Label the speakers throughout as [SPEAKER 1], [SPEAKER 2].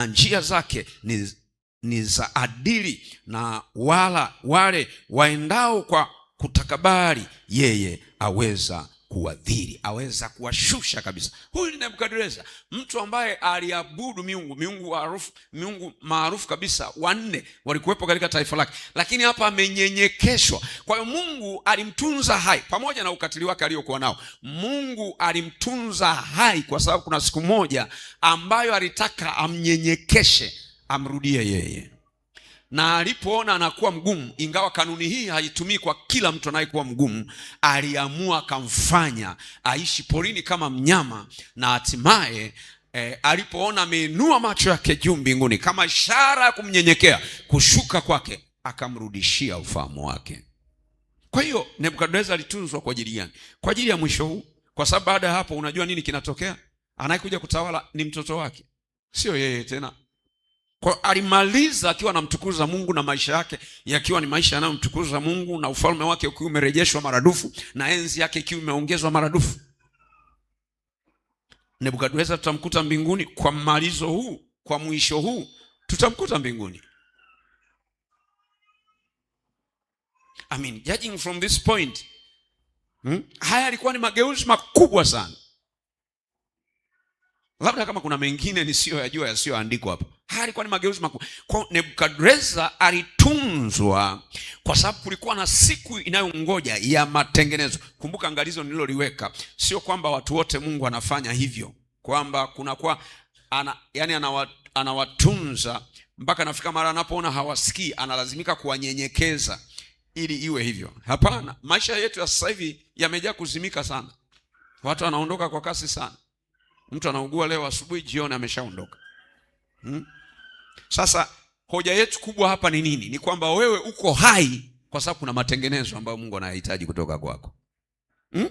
[SPEAKER 1] na njia zake ni, ni za adili, na wala wale waendao kwa kutakabari yeye aweza kuwadhiri, aweza kuwashusha kabisa. Huyu ni Nebukadreza, mtu ambaye aliabudu miungu miungu maarufu miungu maarufu kabisa wanne walikuwepo katika taifa lake, lakini hapa amenyenyekeshwa. Kwa hiyo Mungu alimtunza hai pamoja na ukatili wake aliokuwa nao. Mungu alimtunza hai kwa sababu kuna siku moja ambayo alitaka amnyenyekeshe, amrudie yeye na alipoona anakuwa mgumu, ingawa kanuni hii haitumii kwa kila mtu anayekuwa mgumu, aliamua akamfanya aishi porini kama mnyama, na hatimaye eh, alipoona ameinua macho yake juu mbinguni kama ishara ya kumnyenyekea kushuka kwake, akamrudishia ufahamu wake. Kwa hiyo Nebukadnezar alitunzwa kwa ajili gani? Kwa ajili ya mwisho huu, kwa sababu baada ya hapo, unajua nini kinatokea? Anayekuja kutawala ni mtoto wake, sio yeye tena. Kwa alimaliza akiwa anamtukuza Mungu na maisha yake yakiwa ni maisha yanayomtukuza Mungu na ufalme wake ukiwa umerejeshwa maradufu na enzi yake ikiwa imeongezwa maradufu. Nebukadneza tutamkuta mbinguni kwa mmalizo huu, kwa mwisho huu tutamkuta mbinguni. I mean, judging from this point, hmm? Haya yalikuwa ni mageuzi makubwa sana. Labda kama kuna mengine nisiyoyajua yasiyoandikwa hapa haya alikuwa ni mageuzi makubwa kwa Nebukadreza. Alitunzwa kwa sababu kulikuwa na siku inayongoja ya matengenezo. Kumbuka angalizo nililoliweka, sio kwamba watu wote Mungu anafanya hivyo, kwamba kunakuwa ana, yani anawa, anawatunza mpaka anafika mara anapoona hawasikii analazimika kuwanyenyekeza ili iwe hivyo. Hapana, maisha yetu ya sasa hivi yamejaa kuzimika sana, watu wanaondoka kwa kasi sana. Mtu anaugua leo asubuhi, jioni ameshaondoka hmm? Sasa hoja yetu kubwa hapa ni nini? Ni kwamba wewe uko hai kwa sababu kuna matengenezo ambayo Mungu anayahitaji kutoka kwako hmm?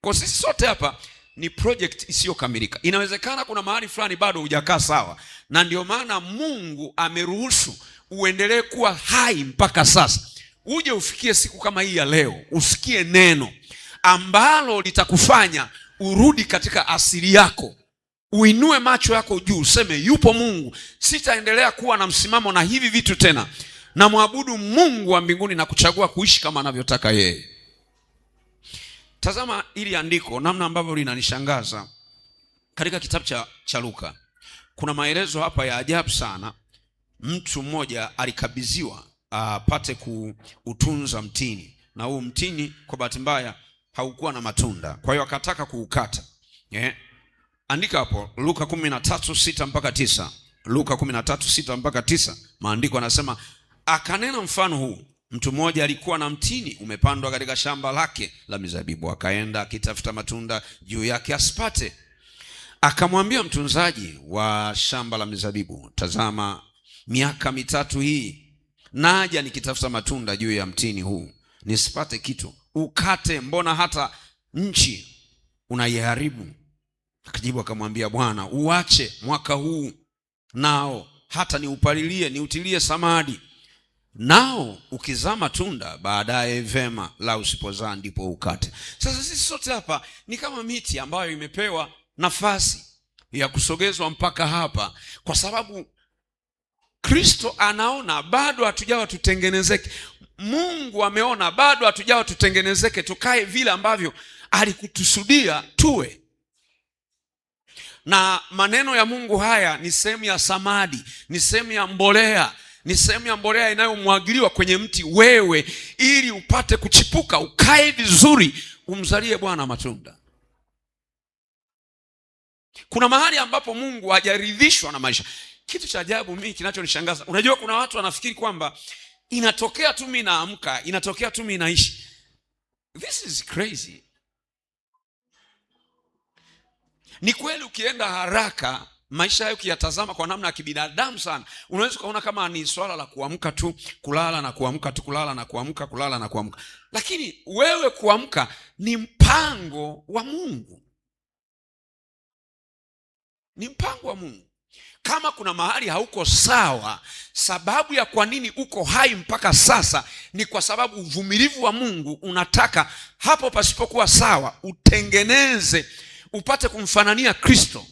[SPEAKER 1] Kwa sisi sote hapa ni project isiyokamilika. Inawezekana kuna mahali fulani bado hujakaa sawa, na ndio maana Mungu ameruhusu uendelee kuwa hai mpaka sasa, uje ufikie siku kama hii ya leo, usikie neno ambalo litakufanya urudi katika asili yako uinue macho yako juu, useme yupo Mungu, sitaendelea kuwa na msimamo na hivi vitu tena, namwabudu Mungu wa mbinguni na kuchagua kuishi kama anavyotaka yeye. Tazama ili andiko namna ambavyo linanishangaza katika kitabu cha, cha Luka kuna maelezo hapa ya ajabu sana. Mtu mmoja alikabidhiwa ah, apate kuutunza mtini, na huu mtini kwa bahati mbaya haukuwa na matunda, kwa hiyo akataka kuukata yeah andika hapo Luka 13:6 mpaka 9. Luka 13:6 mpaka 9. Maandiko anasema akanena mfano huu, mtu mmoja alikuwa na mtini umepandwa katika shamba lake la mizabibu, akaenda akitafuta matunda juu yake asipate. Akamwambia mtunzaji wa shamba la mizabibu, tazama, miaka mitatu hii naja nikitafuta matunda juu ya mtini huu nisipate kitu. Ukate, mbona hata nchi unaiharibu? Akajibu akamwambia, Bwana, uache mwaka huu nao hata niupalilie niutilie samadi, nao ukizaa matunda baadaye vema, la usipozaa ndipo ukate. Sasa sisi sote hapa ni kama miti ambayo imepewa nafasi ya kusogezwa mpaka hapa, kwa sababu Kristo anaona bado hatujawa tutengenezeke. Mungu ameona bado hatujawa tutengenezeke, tukae vile ambavyo alikutusudia tuwe na maneno ya Mungu haya ni sehemu ya samadi, ni sehemu ya mbolea, ni sehemu ya mbolea inayomwagiliwa kwenye mti wewe, ili upate kuchipuka, ukae vizuri, umzalie Bwana matunda. Kuna mahali ambapo Mungu hajaridhishwa na maisha. Kitu cha ajabu mimi kinachonishangaza, unajua, kuna watu wanafikiri kwamba inatokea tu mimi naamka, inatokea tu mimi naishi. This is crazy. Ni kweli ukienda haraka maisha hayo ukiyatazama kwa namna ya kibinadamu sana, unaweza ukaona kama ni swala la kuamka tu, kulala na kuamka tu, kulala na kuamka, kulala na kuamka. Lakini wewe kuamka ni mpango wa Mungu, ni mpango wa Mungu. Kama kuna mahali hauko sawa, sababu ya kwa nini uko hai mpaka sasa ni kwa sababu uvumilivu wa Mungu unataka hapo pasipokuwa sawa utengeneze upate kumfanania Kristo.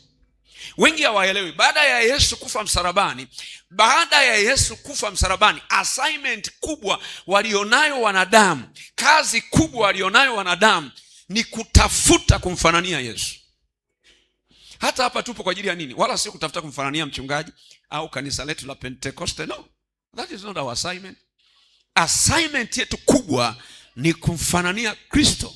[SPEAKER 1] Wengi hawaelewi, baada ya Yesu kufa msarabani baada ya Yesu kufa msarabani assignment kubwa walionayo wanadamu, kazi kubwa walionayo wanadamu ni kutafuta kumfanania Yesu. Hata hapa tupo kwa ajili ya nini? Wala sio kutafuta kumfanania mchungaji au kanisa letu la pentekoste No, that is not our assignment. Assignment yetu kubwa ni kumfanania Kristo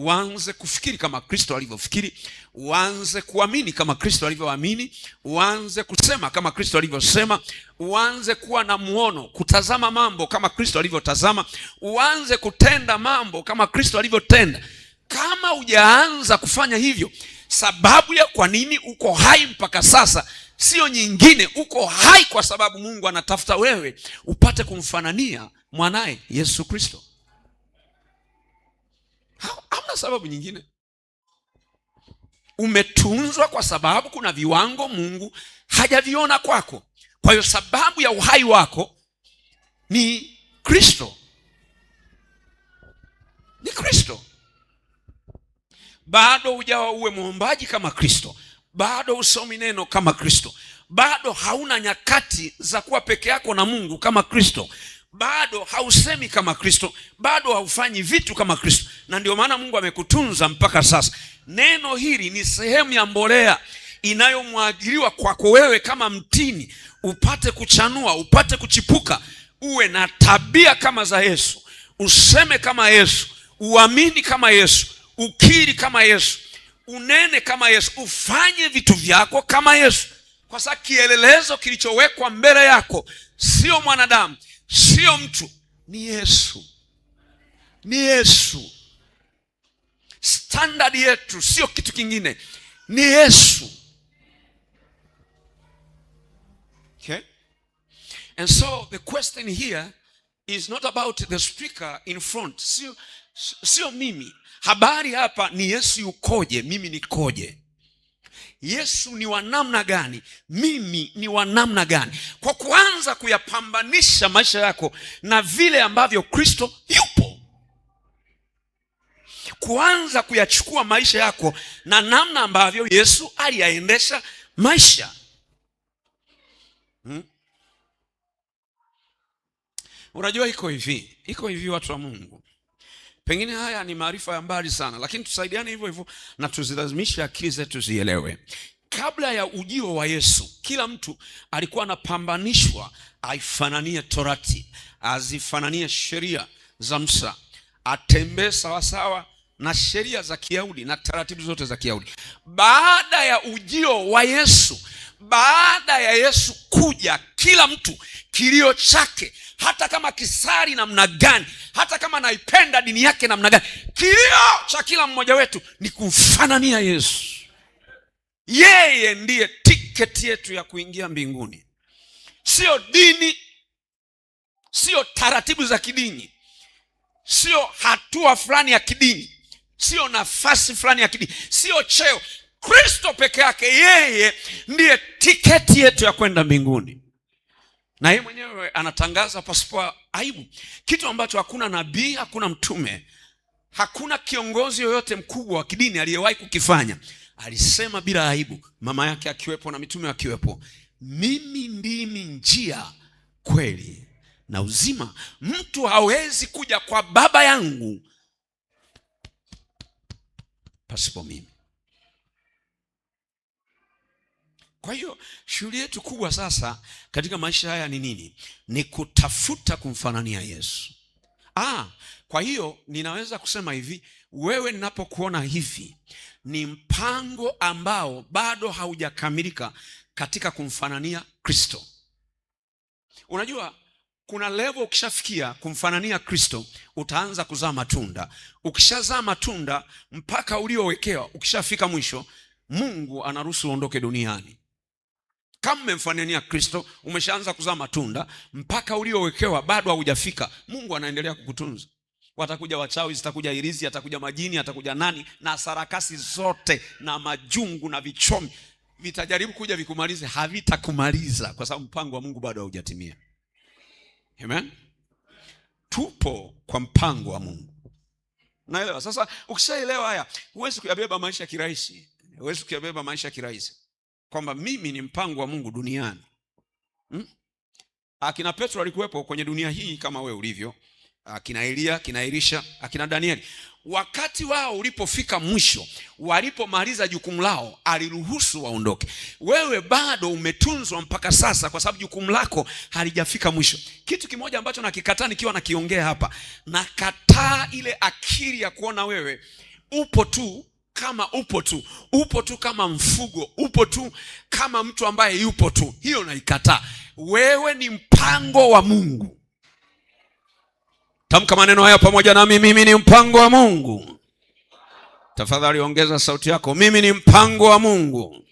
[SPEAKER 1] uanze kufikiri kama Kristo alivyofikiri, uanze kuamini kama Kristo alivyoamini, uanze kusema kama Kristo alivyosema, uanze kuwa na muono, kutazama mambo kama Kristo alivyotazama, uanze kutenda mambo kama Kristo alivyotenda. Kama hujaanza kufanya hivyo, sababu ya kwa nini uko hai mpaka sasa sio nyingine. Uko hai kwa sababu Mungu anatafuta wewe upate kumfanania mwanaye Yesu Kristo hamna sababu nyingine. Umetunzwa kwa sababu kuna viwango Mungu hajaviona kwako. Kwa hiyo sababu ya uhai wako ni Kristo, ni Kristo. Bado ujawa uwe mwombaji kama Kristo, bado usomi neno kama Kristo, bado hauna nyakati za kuwa peke yako na Mungu kama Kristo, bado hausemi kama Kristo, bado haufanyi vitu kama Kristo, na ndio maana Mungu amekutunza mpaka sasa. Neno hili ni sehemu ya mbolea inayomwagiliwa kwako wewe kama mtini, upate kuchanua, upate kuchipuka, uwe na tabia kama za Yesu, useme kama Yesu, uamini kama Yesu, ukiri kama Yesu, unene kama Yesu, ufanye vitu vyako kama Yesu, kwa sababu kielelezo kilichowekwa mbele yako sio mwanadamu. Sio mtu, ni Yesu, ni Yesu. Standard yetu sio kitu kingine, ni Yesu. Okay? And so the question here is not about the speaker in front. Sio, sio mimi. Habari hapa ni Yesu yukoje, mimi nikoje. Yesu ni wa namna gani, mimi ni wa namna gani, kwa kuanza kuyapambanisha maisha yako na vile ambavyo Kristo yupo, kuanza kuyachukua maisha yako na namna ambavyo Yesu aliyaendesha maisha hmm? Unajua iko hivi, iko hivi watu wa Mungu Pengine haya ni maarifa ya mbali sana, lakini tusaidiane hivyo hivyo na tuzilazimishe akili zetu zielewe. Kabla ya ujio wa Yesu, kila mtu alikuwa anapambanishwa aifananie torati, azifananie sheria za Musa, atembee sawasawa na sheria za Kiyahudi na taratibu zote za Kiyahudi. Baada ya ujio wa Yesu baada ya Yesu kuja, kila mtu kilio chake, hata kama kisari namna gani, hata kama naipenda dini yake namna gani, kilio cha kila mmoja wetu ni kumfanania Yesu. Yeye ndiye tiketi yetu ya kuingia mbinguni, sio dini, sio taratibu za kidini, sio hatua fulani ya kidini, sio nafasi fulani ya kidini, sio cheo. Kristo peke yake, yeye ndiye tiketi yetu ya kwenda mbinguni, na yeye mwenyewe anatangaza pasipo aibu, kitu ambacho hakuna nabii, hakuna mtume, hakuna kiongozi yoyote mkubwa wa kidini aliyewahi kukifanya. Alisema bila aibu, mama yake akiwepo na mitume akiwepo, mimi ndimi njia, kweli na uzima, mtu hawezi kuja kwa Baba yangu pasipo mimi. Kwa hiyo shughuli yetu kubwa sasa katika maisha haya ni nini? Ni kutafuta kumfanania Yesu. Ah, kwa hiyo ninaweza kusema hivi, wewe ninapokuona hivi ni mpango ambao bado haujakamilika katika kumfanania Kristo. Unajua kuna level ukishafikia kumfanania Kristo utaanza kuzaa matunda. Ukishazaa matunda mpaka uliowekewa, ukishafika mwisho Mungu anaruhusu uondoke duniani. Kama mmemfanania Kristo, umeshaanza kuzaa matunda, mpaka uliowekewa bado haujafika. Mungu anaendelea kukutunza. Watakuja wachawi, zitakuja irizi, atakuja majini, atakuja nani na sarakasi zote na majungu na vichomi vitajaribu kuja vikumalize, havitakumaliza kwa sababu mpango wa Mungu bado haujatimia. Amen, tupo kwa mpango wa Mungu. Naelewa sasa. Ukishaelewa haya, huwezi kuyabeba maisha kirahisi, huwezi kuyabeba maisha kirahisi kwamba mimi ni mpango wa Mungu duniani hmm? Akina Petro alikuwepo kwenye dunia hii kama we ulivyo, akina Elia, akina Elisha, akina Danieli. Wakati wao ulipofika mwisho, walipomaliza jukumu lao, aliruhusu waondoke. Wewe bado umetunzwa mpaka sasa, kwa sababu jukumu lako halijafika mwisho. Kitu kimoja ambacho nakikataa nikiwa nakiongea hapa, nakataa ile akili ya kuona wewe upo tu kama upo tu, upo tu kama mfugo, upo tu kama mtu ambaye yupo tu. Hiyo naikataa. Wewe ni mpango wa Mungu. Tamka maneno haya pamoja nami, mimi ni mpango wa Mungu. Tafadhali ongeza sauti yako. Mimi ni mpango wa Mungu.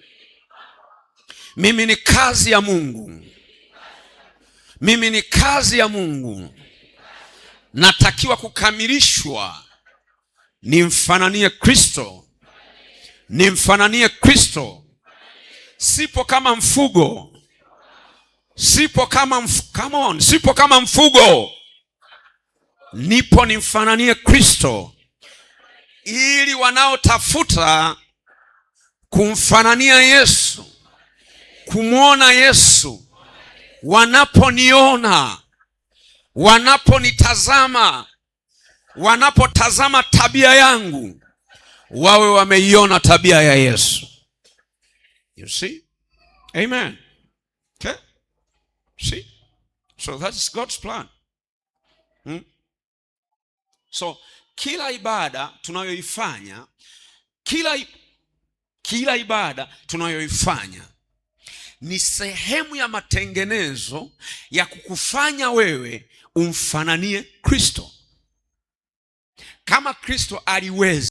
[SPEAKER 1] Mimi ni kazi ya Mungu. Mimi ni kazi ya Mungu, natakiwa kukamilishwa, nimfananie Kristo nimfananie Kristo, sipo kama mfugo, sipo kama mf come on, sipo kama mfugo, nipo nimfananie Kristo ili wanaotafuta kumfanania Yesu, kumwona Yesu, wanaponiona, wanaponitazama, wanapotazama tabia yangu wawe wameiona tabia ya Yesu. You see? Amen. Okay? See? So that's God's plan. Hmm? So kila ibada tunayoifanya kila, kila ibada tunayoifanya ni sehemu ya matengenezo ya kukufanya wewe umfananie Kristo kama Kristo aliweza